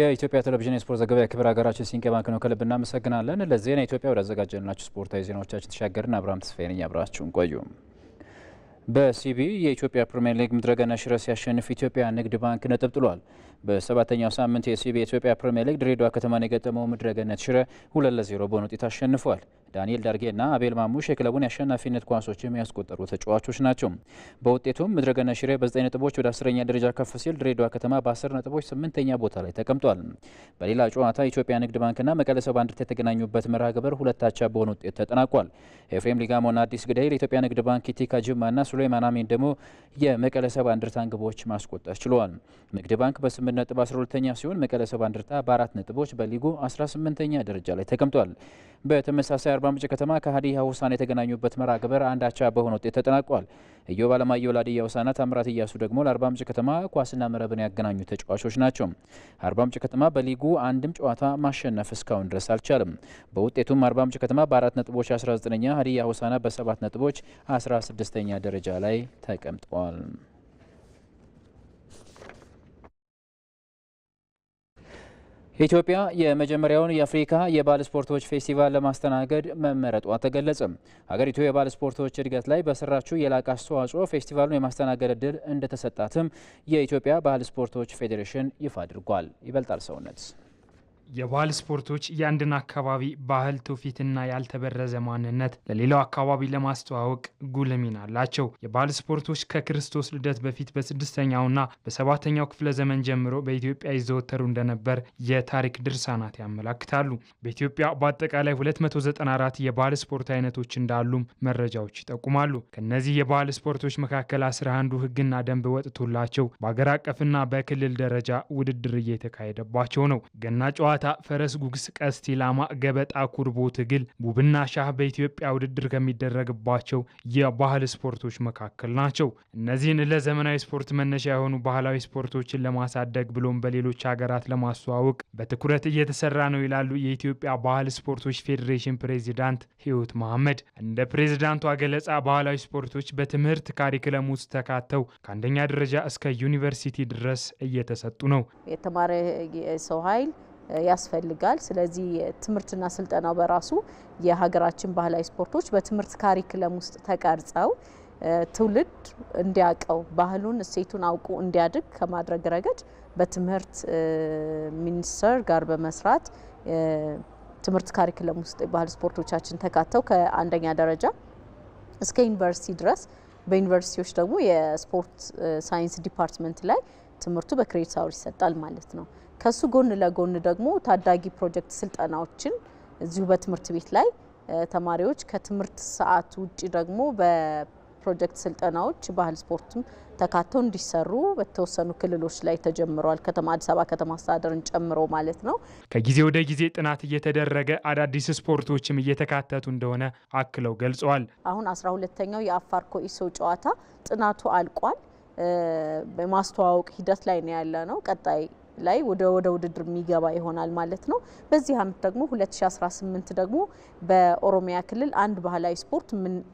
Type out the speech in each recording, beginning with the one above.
የኢትዮጵያ ቴሌቪዥን የስፖርት ዘገባ የክብር ሀገራችን ሲንቄ ባንክ ነው። ከልብ እናመሰግናለን። ለዜና ኢትዮጵያ ወዳዘጋጀንላችሁ ስፖርታዊ ዜናዎቻችን ተሻገርን። አብርሃም ተስፋዬ ነኝ። አብራችሁን ቆዩ። በሲቢ የኢትዮጵያ ፕሪምየር ሊግ ምድረገና ሽረ ሲያሸንፍ ኢትዮጵያ ንግድ ባንክ ነጥብ ጥሏል። በሰባተኛው ሳምንት የሲቢ የኢትዮጵያ ፕሪምየር ሊግ ድሬዳዋ ከተማን የገጠመው ምድረገነት ሽረ ሁለት ለዜሮ በሆነ ውጤት አሸንፏል። ዳንኤል ዳርጌና አቤል ማሙሽ የክለቡን የአሸናፊነት ኳሶችም ያስቆጠሩ ተጫዋቾች ናቸው። በውጤቱም ምድረገነት ሽረ በ9 ነጥቦች ወደ አስረኛ ደረጃ ከፍ ሲል ድሬዳዋ ከተማ በ10 ነጥቦች ስምንተኛ ቦታ ላይ ተቀምጧል። በሌላ ጨዋታ ኢትዮጵያ ንግድ ባንክና መቀለ ሰባ እንደርታ የተገናኙበት መርሃ ግብር ሁለታቻ በሆነ ውጤት ተጠናቋል። ኤፍሬም ሊጋሞና አዲስ ግዳይ ለኢትዮጵያ ንግድ ባንክ ኢቲካ ጅማና ሱሌማን ማናሚን ደግሞ የመቀለ ሰባ እንደርታን ግቦች ማስቆጠር ችሏል። ንግድ ባንክ በ8 ነጥብ 12 ተኛ ሲሆን መቀለ ሰባ እንደርታ በአራት ነጥቦች በሊጉ 18ኛ ደረጃ ላይ ተቀምጧል። በተመሳሳይ አርባ ምንጭ ከተማ ከሀዲያ ሆሳዕና የተገናኙበት መርሃ ግብር አንዳቻ በሆነ ውጤት ተጠናቋል። ኢዮብ አለማየሁ፣ ላድያ ውሳና፣ ታምራት እያሱ ደግሞ ለአርባ ምንጭ ከተማ ኳስና መረብን ያገናኙ ተጫዋቾች ናቸው። አርባ ምንጭ ከተማ በሊጉ አንድም ጨዋታ ማሸነፍ እስካሁን ድረስ አልቻለም። በውጤቱም አርባ ምንጭ ከተማ በአራት ነጥቦች 19ኛ፣ ሀዲያ ሆሳና በሰባት ነጥቦች 16ኛ ደረጃ ላይ ተቀምጠዋል። ኢትዮጵያ የመጀመሪያውን የአፍሪካ የባህል ስፖርቶች ፌስቲቫል ለማስተናገድ መመረጧ ተገለጸም። ሀገሪቱ የባህል ስፖርቶች እድገት ላይ በሰራችው የላቀ አስተዋጽኦ ፌስቲቫሉን የማስተናገድ እድል እንደተሰጣትም የኢትዮጵያ ባህል ስፖርቶች ፌዴሬሽን ይፋ አድርጓል። ይበልጣል ሰውነት የባህል ስፖርቶች የአንድን አካባቢ ባህል ትውፊትና ያልተበረዘ ማንነት ለሌላው አካባቢ ለማስተዋወቅ ጉልህ ሚና አላቸው። የባህል ስፖርቶች ከክርስቶስ ልደት በፊት በስድስተኛውና በሰባተኛው ክፍለ ዘመን ጀምሮ በኢትዮጵያ ይዘወተሩ እንደነበር የታሪክ ድርሳናት ያመላክታሉ። በኢትዮጵያ በአጠቃላይ 294 የባህል ስፖርት አይነቶች እንዳሉም መረጃዎች ይጠቁማሉ። ከእነዚህ የባህል ስፖርቶች መካከል አስራ አንዱ ህግና ደንብ ወጥቶላቸው በአገር አቀፍና በክልል ደረጃ ውድድር እየተካሄደባቸው ነው። ገና ጨዋ ገላታ፣ ፈረስ ጉግስ፣ ቀስት ኢላማ፣ ገበጣ፣ ኩርቦ፣ ትግል፣ ቡብና ሻህ በኢትዮጵያ ውድድር ከሚደረግባቸው የባህል ስፖርቶች መካከል ናቸው። እነዚህን ለዘመናዊ ስፖርት መነሻ የሆኑ ባህላዊ ስፖርቶችን ለማሳደግ ብሎም በሌሎች ሀገራት ለማስተዋወቅ በትኩረት እየተሰራ ነው ይላሉ የኢትዮጵያ ባህል ስፖርቶች ፌዴሬሽን ፕሬዚዳንት ህይወት መሐመድ። እንደ ፕሬዚዳንቷ ገለጻ ባህላዊ ስፖርቶች በትምህርት ካሪክለም ውስጥ ተካተው ከአንደኛ ደረጃ እስከ ዩኒቨርሲቲ ድረስ እየተሰጡ ነው። የተማረ ሰው ኃይል ያስፈልጋል። ስለዚህ ትምህርትና ስልጠናው በራሱ የሀገራችን ባህላዊ ስፖርቶች በትምህርት ካሪክለም ውስጥ ተቀርጸው ትውልድ እንዲያውቀው ባህሉን እሴቱን አውቁ እንዲያድግ ከማድረግ ረገድ በትምህርት ሚኒስቴር ጋር በመስራት ትምህርት ካሪክለም ውስጥ የባህል ስፖርቶቻችን ተካተው ከአንደኛ ደረጃ እስከ ዩኒቨርሲቲ ድረስ በዩኒቨርሲቲዎች ደግሞ የስፖርት ሳይንስ ዲፓርትመንት ላይ ትምህርቱ በክሬዲት አወር ይሰጣል ማለት ነው። ከሱ ጎን ለጎን ደግሞ ታዳጊ ፕሮጀክት ስልጠናዎችን እዚሁ በትምህርት ቤት ላይ ተማሪዎች ከትምህርት ሰዓት ውጭ ደግሞ በፕሮጀክት ስልጠናዎች ባህል ስፖርትም ተካተው እንዲሰሩ በተወሰኑ ክልሎች ላይ ተጀምረዋል። ከተማ አዲስ አበባ ከተማ አስተዳደርን ጨምሮ ማለት ነው። ከጊዜ ወደ ጊዜ ጥናት እየተደረገ አዳዲስ ስፖርቶችም እየተካተቱ እንደሆነ አክለው ገልጸዋል። አሁን አስራ ሁለተኛው የአፋር ኮኢሶ ጨዋታ ጥናቱ አልቋል። በማስተዋወቅ ሂደት ላይ ነው ያለ ነው ቀጣይ ላይ ወደ ወደ ውድድር የሚገባ ይሆናል ማለት ነው። በዚህ አመት ደግሞ 2018 ደግሞ በኦሮሚያ ክልል አንድ ባህላዊ ስፖርት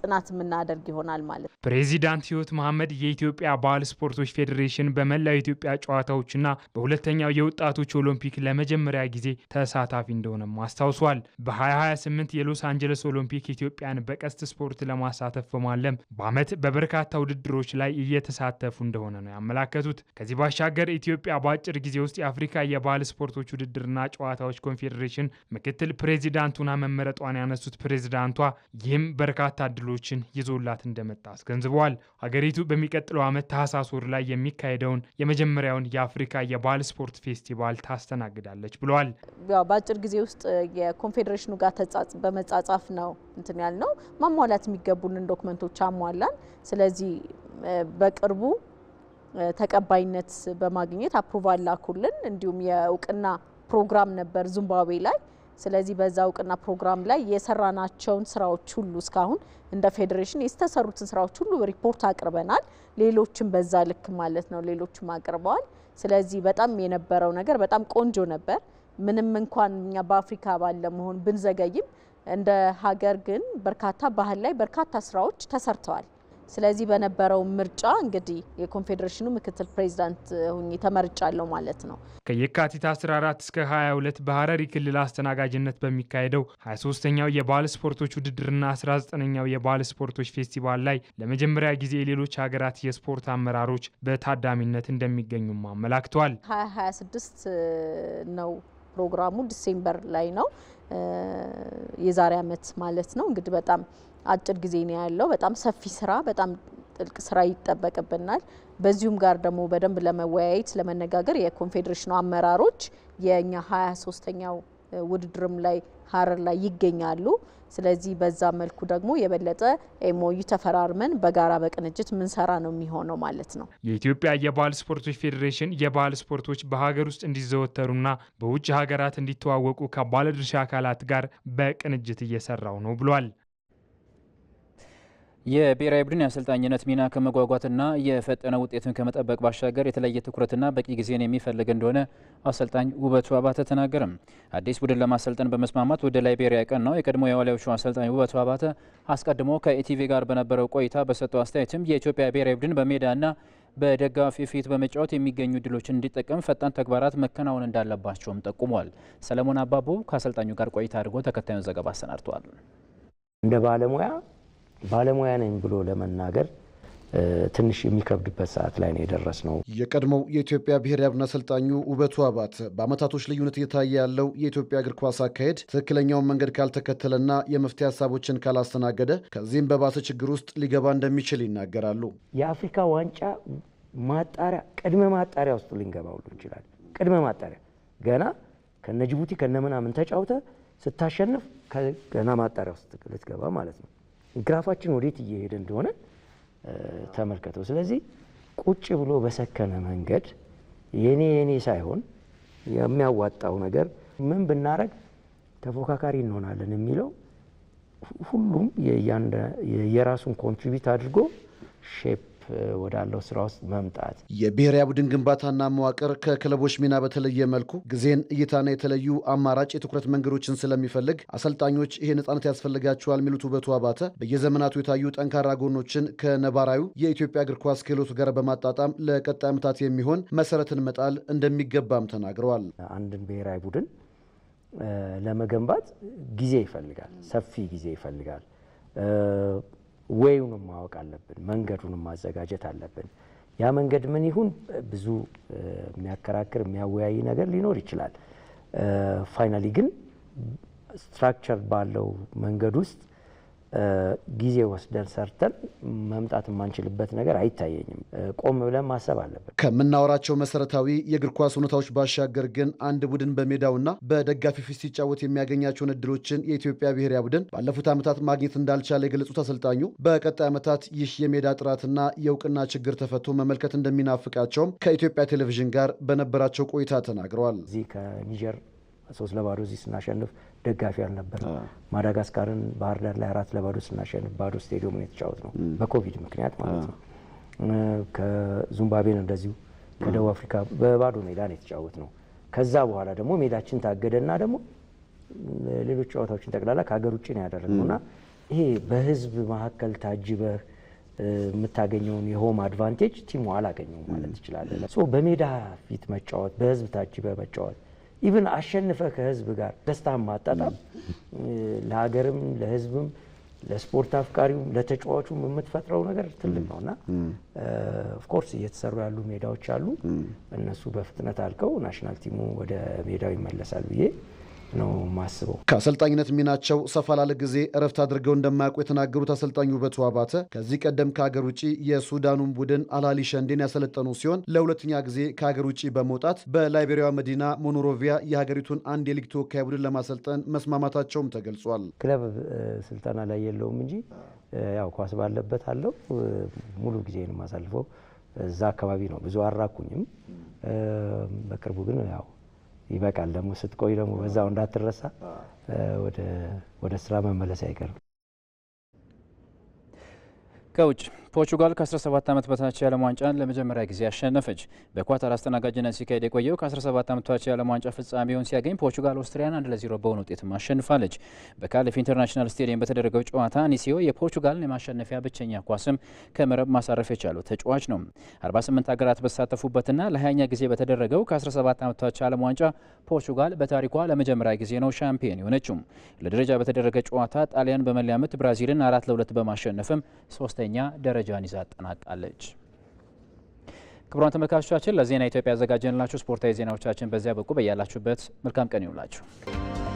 ጥናት የምናደርግ ይሆናል ማለት ነው። ፕሬዚዳንት ህይወት መሐመድ የኢትዮጵያ ባህል ስፖርቶች ፌዴሬሽን በመላው ኢትዮጵያ ጨዋታዎችና በሁለተኛው የወጣቶች ኦሎምፒክ ለመጀመሪያ ጊዜ ተሳታፊ እንደሆነም አስታውሷል። በ2028 የሎስ አንጀለስ ኦሎምፒክ ኢትዮጵያን በቀስት ስፖርት ለማሳተፍ በማለም በአመት በበርካታ ውድድሮች ላይ እየተሳተፉ እንደሆነ ነው ያመላከቱት። ከዚህ ባሻገር ኢትዮጵያ በአጭር ጊዜ ውስጥ የአፍሪካ የባህል ስፖርቶች ውድድርና ጨዋታዎች ኮንፌዴሬሽን ምክትል ፕሬዚዳንቱና መመረጧን ያነሱት ፕሬዚዳንቷ ይህም በርካታ እድሎችን ይዞላት እንደመጣ አስገንዝበዋል። ሀገሪቱ በሚቀጥለው ዓመት ታህሳስ ወር ላይ የሚካሄደውን የመጀመሪያውን የአፍሪካ የባህል ስፖርት ፌስቲቫል ታስተናግዳለች ብለዋል። በአጭር ጊዜ ውስጥ የኮንፌዴሬሽኑ ጋር በመጻጻፍ ነው እንትን ያልነው ማሟላት የሚገቡንን ዶክመንቶች አሟላን። ስለዚህ በቅርቡ ተቀባይነት በማግኘት አፕሩቫል ላኩልን። እንዲሁም የእውቅና ፕሮግራም ነበር ዚምባብዌ ላይ። ስለዚህ በዛ እውቅና ፕሮግራም ላይ የሰራናቸውን ስራዎች ሁሉ እስካሁን እንደ ፌዴሬሽን የተሰሩትን ስራዎች ሁሉ ሪፖርት አቅርበናል። ሌሎችም በዛ ልክ ማለት ነው፣ ሌሎችም አቅርበዋል። ስለዚህ በጣም የነበረው ነገር በጣም ቆንጆ ነበር። ምንም እንኳን እኛ በአፍሪካ ባለመሆን ብንዘገይም እንደ ሀገር ግን በርካታ ባህል ላይ በርካታ ስራዎች ተሰርተዋል። ስለዚህ በነበረው ምርጫ እንግዲህ የኮንፌዴሬሽኑ ምክትል ፕሬዚዳንት ሁኜ ተመርጫለሁ ማለት ነው። ከየካቲት 14 እስከ 22 በሀረሪ ክልል አስተናጋጅነት በሚካሄደው 23ኛው የባህል ስፖርቶች ውድድርና 19ኛው የባህል ስፖርቶች ፌስቲቫል ላይ ለመጀመሪያ ጊዜ የሌሎች ሀገራት የስፖርት አመራሮች በታዳሚነት እንደሚገኙም አመላክተዋል። 2026 ነው ፕሮግራሙ ዲሴምበር ላይ ነው የዛሬ ዓመት ማለት ነው እንግዲህ በጣም አጭር ጊዜ ነው ያለው። በጣም ሰፊ ስራ፣ በጣም ጥልቅ ስራ ይጠበቅብናል። በዚሁም ጋር ደግሞ በደንብ ለመወያየት ለመነጋገር የኮንፌዴሬሽኑ አመራሮች የእኛ ሀያ ሶስተኛው ውድድርም ላይ ሀረር ላይ ይገኛሉ። ስለዚህ በዛ መልኩ ደግሞ የበለጠ ኤሞዩ ተፈራርመን በጋራ በቅንጅት ምንሰራ ነው የሚሆነው ማለት ነው። የኢትዮጵያ የባህል ስፖርቶች ፌዴሬሽን የባህል ስፖርቶች በሀገር ውስጥ እንዲዘወተሩና በውጭ ሀገራት እንዲተዋወቁ ከባለድርሻ አካላት ጋር በቅንጅት እየሰራው ነው ብሏል። የብሔራዊ ቡድን የአሰልጣኝነት ሚና ከመጓጓትና የፈጠነ ውጤትን ከመጠበቅ ባሻገር የተለየ ትኩረትና በቂ ጊዜን የሚፈልግ እንደሆነ አሰልጣኝ ውበቱ አባተ ተናገረም። አዲስ ቡድን ለማሰልጠን በመስማማት ወደ ላይቤሪያ ቀን ነው። የቀድሞ የዋሊያዎቹ አሰልጣኝ ውበቱ አባተ አስቀድሞ ከኢቲቪ ጋር በነበረው ቆይታ በሰጠው አስተያየትም የኢትዮጵያ ብሔራዊ ቡድን በሜዳና በደጋፊ ፊት በመጫወት የሚገኙ ድሎችን እንዲጠቀም ፈጣን ተግባራት መከናወን እንዳለባቸውም ጠቁሟል። ሰለሞን አባቦ ከአሰልጣኙ ጋር ቆይታ አድርጎ ተከታዩን ዘገባ አሰናድተዋል። እንደ ባለሙያ ባለሙያ ነኝ ብሎ ለመናገር ትንሽ የሚከብድበት ሰዓት ላይ ነው የደረስ ነው። የቀድሞው የኢትዮጵያ ብሔራዊ ቡድን አሰልጣኙ ውበቱ አባት በአመታቶች ልዩነት እየታየ ያለው የኢትዮጵያ እግር ኳስ አካሄድ ትክክለኛውን መንገድ ካልተከተለና የመፍትሄ ሀሳቦችን ካላስተናገደ ከዚህም በባሰ ችግር ውስጥ ሊገባ እንደሚችል ይናገራሉ። የአፍሪካ ዋንጫ ማጣሪያ ቅድመ ማጣሪያ ውስጥ ልንገባ ሁሉ ይችላል። ቅድመ ማጣሪያ ገና ከነ ጅቡቲ ከነ ምናምን ተጫውተ ስታሸንፍ ከገና ማጣሪያ ውስጥ ልትገባ ማለት ነው። ግራፋችን ወዴት እየሄደ እንደሆነ ተመልከተው። ስለዚህ ቁጭ ብሎ በሰከነ መንገድ የኔ የኔ ሳይሆን የሚያዋጣው ነገር ምን ብናረግ ተፎካካሪ እንሆናለን የሚለው ሁሉም የራሱን ኮንትሪቢት አድርጎ ሼፕ ወዳለው ስራ ውስጥ መምጣት የብሔራዊ ቡድን ግንባታና መዋቅር ከክለቦች ሚና በተለየ መልኩ ጊዜን፣ እይታና የተለዩ አማራጭ የትኩረት መንገዶችን ስለሚፈልግ አሰልጣኞች ይሄ ነጻነት ያስፈልጋቸዋል የሚሉት ውበቱ አባተ በየዘመናቱ የታዩ ጠንካራ ጎኖችን ከነባራዩ የኢትዮጵያ እግር ኳስ ክህሎት ጋር በማጣጣም ለቀጣይ ዓመታት የሚሆን መሰረትን መጣል እንደሚገባም ተናግረዋል። አንድን ብሔራዊ ቡድን ለመገንባት ጊዜ ይፈልጋል፣ ሰፊ ጊዜ ይፈልጋል። ወይውንም ማወቅ አለብን። መንገዱንም ማዘጋጀት አለብን። ያ መንገድ ምን ይሁን ብዙ የሚያከራክር የሚያወያይ ነገር ሊኖር ይችላል። ፋይናሊ ግን ስትራክቸር ባለው መንገድ ውስጥ ጊዜ ወስደን ሰርተን መምጣት የማንችልበት ነገር አይታየኝም። ቆም ብለን ማሰብ አለብን። ከምናወራቸው መሰረታዊ የእግር ኳስ ሁኔታዎች ባሻገር ግን አንድ ቡድን በሜዳውና በደጋፊ ፊት ሲጫወት የሚያገኛቸውን እድሎችን የኢትዮጵያ ብሔራዊ ቡድን ባለፉት ዓመታት ማግኘት እንዳልቻለ የገለጹት አሰልጣኙ በቀጣይ ዓመታት ይህ የሜዳ ጥራትና የእውቅና ችግር ተፈቶ መመልከት እንደሚናፍቃቸውም ከኢትዮጵያ ቴሌቪዥን ጋር በነበራቸው ቆይታ ተናግረዋል። እዚህ ከኒጀር ሶስት ለባዶ እዚህ ስናሸንፍ ደጋፊ አልነበር። ማዳጋስካርን ባህር ዳር ላይ አራት ለባዶ ስናሸንፍ ባዶ ስቴዲየሙን የተጫወት ነው በኮቪድ ምክንያት ማለት ነው። ከዙምባቤን እንደዚሁ ከደቡብ አፍሪካ በባዶ ሜዳ ነው የተጫወት ነው። ከዛ በኋላ ደግሞ ሜዳችን ታገደና ደግሞ ሌሎች ጨዋታዎችን ጠቅላላ ከሀገር ውጭ ነው ያደረግነው እና ይሄ በህዝብ መካከል ታጅበህ የምታገኘውን የሆም አድቫንቴጅ ቲሙ አላገኘውም ማለት ትችላለህ። በሜዳ ፊት መጫወት፣ በህዝብ ታጅበህ መጫወት ኢብን አሸንፈ ከህዝብ ጋር ደስታ ማጣጣም ለሀገርም ለህዝብም ለስፖርት አፍቃሪውም ለተጫዋቹም የምትፈጥረው ነገር ትልቅ ነው እና ኦፍኮርስ እየተሰሩ ያሉ ሜዳዎች አሉ። እነሱ በፍጥነት አልቀው ናሽናል ቲሙ ወደ ሜዳው ይመለሳል ብዬ ነው ማስበው። ከአሰልጣኝነት ሚናቸው ሰፋ ላለ ጊዜ እረፍት አድርገው እንደማያውቁ የተናገሩት አሰልጣኝ ውበቱ አባተ ከዚህ ቀደም ከሀገር ውጭ የሱዳኑን ቡድን አላሊ ሸንዴን ያሰለጠኑ ሲሆን ለሁለተኛ ጊዜ ከሀገር ውጭ በመውጣት በላይቤሪያ መዲና ሞኖሮቪያ የሀገሪቱን አንድ የሊግ ተወካይ ቡድን ለማሰልጠን መስማማታቸውም ተገልጿል። ክለብ ስልጠና ላይ የለውም እንጂ ያው ኳስ ባለበት አለው ሙሉ ጊዜ ነው የማሳልፈው። እዛ አካባቢ ነው ብዙ አራኩኝም። በቅርቡ ግን ያው ይበቃል። ደግሞ ስትቆይ ደግሞ በዛው እንዳትረሳ ወደ ስራ መመለስ አይቀርም። ከውጭ ፖርቹጋል ከ17 ዓመት በታች የዓለም ዋንጫን ለመጀመሪያ ጊዜ አሸነፈች። በኳታር አስተናጋጅነት ሲካሄድ የቆየው ከ17 ዓመት በታች የዓለም ዋንጫ ፍጻሜውን ሲያገኝ ፖርቹጋል ኦስትሪያን አንድ ለዜሮ በሆነ ውጤትም አሸንፋለች። በካሊፍ ኢንተርናሽናል ስቴዲየም በተደረገው ጨዋታ ኒሲዮ የፖርቹጋልን የማሸነፊያ ብቸኛ ኳስም ከመረብ ማሳረፍ የቻለው ተጫዋች ነው። 48 ሀገራት በተሳተፉበትና ለ20ኛ ጊዜ በተደረገው ከ17 ዓመት በታች የዓለም ዋንጫ ፖርቹጋል በታሪኳ ለመጀመሪያ ጊዜ ነው ሻምፒየን የሆነችው። ለደረጃ በተደረገ ጨዋታ ጣሊያን በመለያ ምት ብራዚልን አራት ለሁለት በማሸነፍም ሶስተኛ ደረጃ መረጃን ይዛ አጠናቃለች። ክቡራን ተመልካቾቻችን ለዜና ኢትዮጵያ ያዘጋጀንላችሁ ስፖርታዊ ዜናዎቻችን በዚያ በቁ። በያላችሁበት መልካም ቀን ይሁንላችሁ።